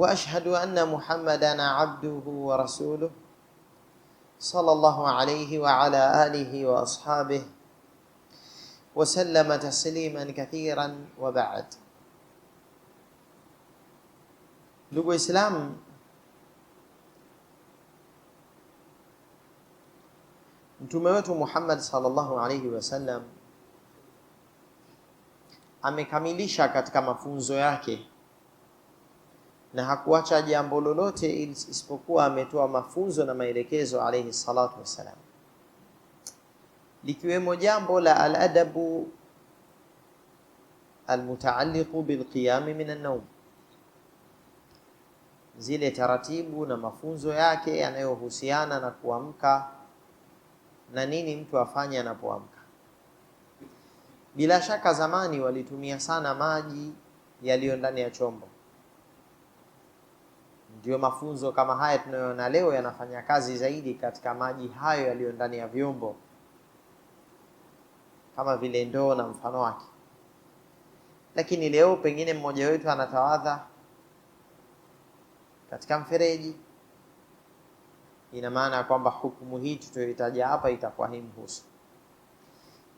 واشهد ان محمدا عبده ورسوله صلى الله عليه وعلى اله واصحابه وسلم تسليما كثيرا وبعد لغو اسلام متموت محمد صلى الله عليه وسلم amekamilisha katika mafunzo yake na hakuacha jambo lolote isipokuwa ametoa mafunzo na maelekezo alayhi salatu wassalam, likiwemo jambo la aladabu almutaalliqu bilqiyami min annaum, zile taratibu na mafunzo yake yanayohusiana na kuamka na nini mtu afanye anapoamka. Bila shaka zamani walitumia sana maji yaliyo ndani ya chombo Ndiyo mafunzo kama haya tunayoona leo yanafanya kazi zaidi katika maji hayo yaliyo ndani ya vyombo kama vile ndoo na mfano wake. Lakini leo pengine mmoja wetu anatawadha katika mfereji, ina maana ya kwamba hukumu hii tutayoitaja hapa itakuwa mhusu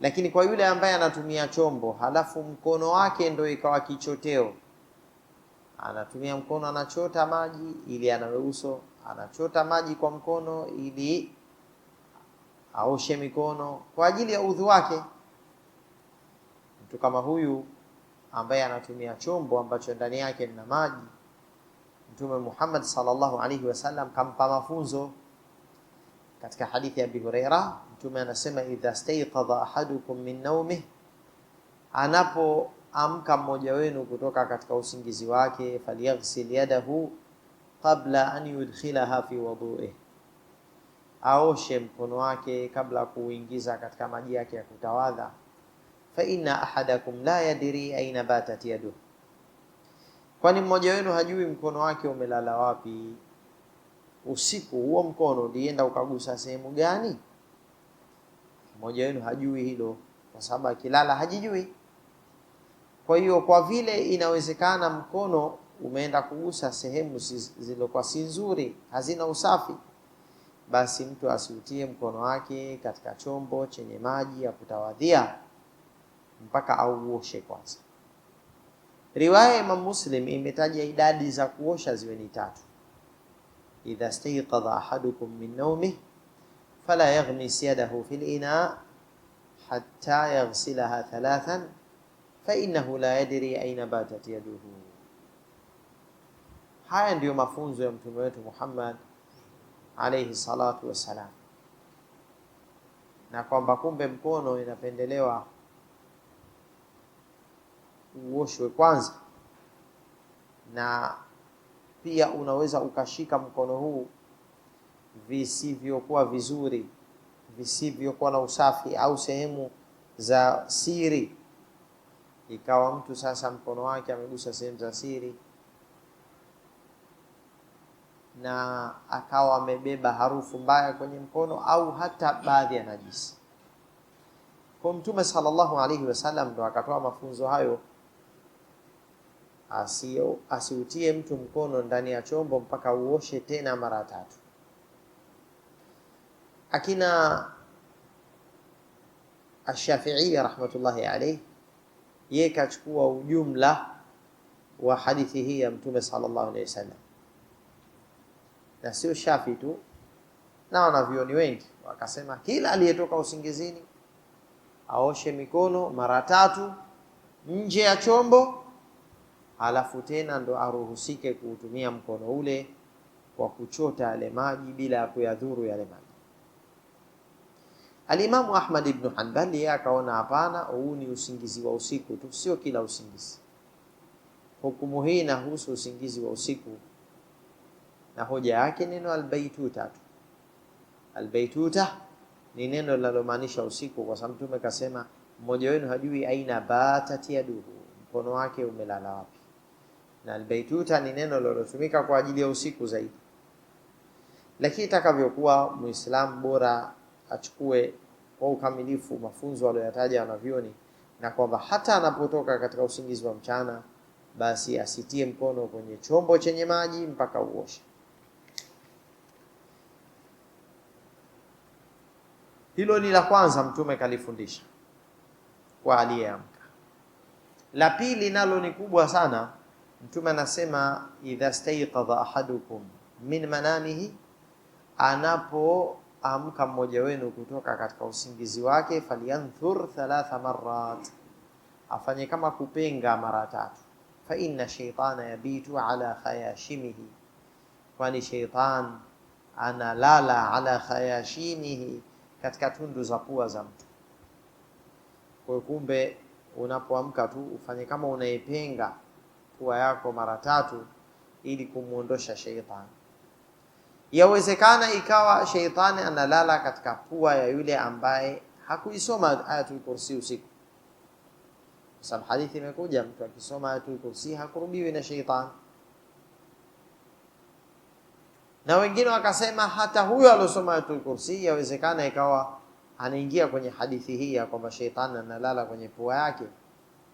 Lakini kwa yule ambaye anatumia chombo halafu mkono wake ndo ikawa kichoteo anatumia mkono anachota maji ili anawe uso, anachota maji kwa mkono ili aoshe mikono kwa ajili ya udhu wake. Mtu kama huyu ambaye anatumia chombo ambacho ndani yake nina maji, Mtume Muhammad sallallahu alaihi wasallam kampa mafunzo katika hadithi ya Abi Huraira. Mtume anasema idha staiqadha ahadukum min naumih, anapo amka mmoja wenu kutoka katika usingizi wake, falyaghsil yadahu qabla an yudkhilaha fi wudu'ih, aoshe mkono wake kabla kuuingiza katika maji yake ya kutawadha. Fa inna ahadakum la yadri aina batat yadu, kwani mmoja wenu hajui mkono wake umelala wapi. Usiku huo mkono ulienda ukagusa sehemu gani? Mmoja wenu hajui hilo, kwa sababu akilala hajijui kwa hiyo kwa vile inawezekana mkono umeenda kugusa sehemu zilizokuwa si nzuri, hazina usafi, basi mtu asiutie mkono wake katika chombo chenye maji ya kutawadhia mpaka auoshe kwanza. Riwaya ya Imam Muslim imetaja idadi za kuosha ziwe ni tatu: idha stayqadha ahadukum min naumih fala yaghmis yadahu fil ina hatta yaghsilaha thalathan fainahu la yadri aina batat yaduhu. Haya ndiyo mafunzo ya mtume wetu Muhammad alayhi salatu wassalam, na kwamba kumbe mkono inapendelewa uoshwe kwanza, na pia unaweza ukashika mkono huu visivyokuwa vizuri, visivyokuwa na usafi, au sehemu za siri ikawa mtu sasa mkono wake amegusa sehemu za siri na akawa amebeba harufu mbaya kwenye mkono au hata baadhi ya najisi. Kwa Mtume sallallahu alaihi wasallam ndo akatoa mafunzo hayo, asio asiutie mtu mkono ndani ya chombo mpaka uoshe tena mara tatu. Akina Ashafiia rahmatullahi alaihi yeye kachukua ujumla wa hadithi hii ya Mtume sallallahu alaihi wasallam, na sio Shafi tu na wanavyoni wengi wakasema, kila aliyetoka usingizini aoshe mikono mara tatu nje ya chombo, halafu tena ndo aruhusike kuutumia mkono ule kwa kuchota yale maji bila ya kuyadhuru yale maji. Alimamu Ahmad ibn Hanbali yeye akaona hapana, huu ni usingizi wa usiku tu, sio kila usingizi. Hukumu hii inahusu usingizi wa usiku, na hoja yake neno albaituta tu. Albaituta ni neno linalomaanisha usiku, kwa sababu Mtume kasema, mmoja wenu hajui aina batat yaduhu, mkono wake umelala wapi. Na albaituta ni neno linalotumika kwa ajili ya usiku zaidi, lakini itakavyokuwa Muislamu bora achukue kwa ukamilifu mafunzo aliyoyataja wanavyoni, na kwamba hata anapotoka katika usingizi wa mchana, basi asitie mkono kwenye chombo chenye maji mpaka uoshe. Hilo ni la kwanza, Mtume kalifundisha kwa aliyeamka. La pili nalo ni kubwa sana. Mtume anasema idha staiqadha ahadukum min manamihi, anapo amka mmoja wenu kutoka katika usingizi wake, falyanthur thalatha marrat, afanye kama kupenga mara tatu. Fa inna shaytana yabitu ala khayashimihi, kwani shaitan analala ala khayashimihi, katika tundu za pua za mtu. Kwa kumbe, unapoamka tu ufanye kama unaipenga pua yako mara tatu, ili kumwondosha shaytani. Yawezekana ikawa sheitani analala katika pua ya yule ambaye hakuisoma Ayatul Kursi usiku, kwa sababu hadithi imekuja, mtu akisoma Ayatul Kursi hakurubiwi na sheitani. Na wengine wakasema hata huyo aliosoma Ayatul Kursi yawezekana ikawa anaingia kwenye hadithi hii ya kwamba sheitani analala kwenye pua yake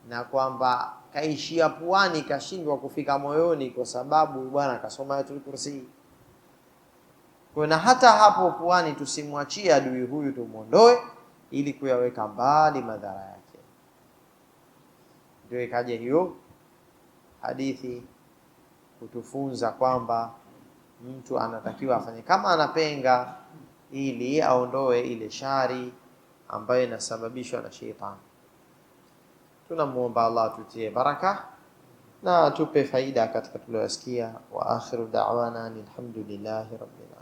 na kwamba kaishia puani, kashindwa kufika moyoni, kwa sababu bwana akasoma Ayatul Kursi. Kwa na hata hapo puani tusimwachie adui huyu, tumwondoe ili kuyaweka mbali madhara yake. Ndio ikaja hiyo hadithi kutufunza kwamba mtu anatakiwa afanye kama anapenga, ili aondoe ile shari ambayo inasababishwa na sheitani. Tunamuomba Allah atutie baraka na tupe faida katika tuliyosikia. Wa akhiru da'wana alhamdulillahi rabbil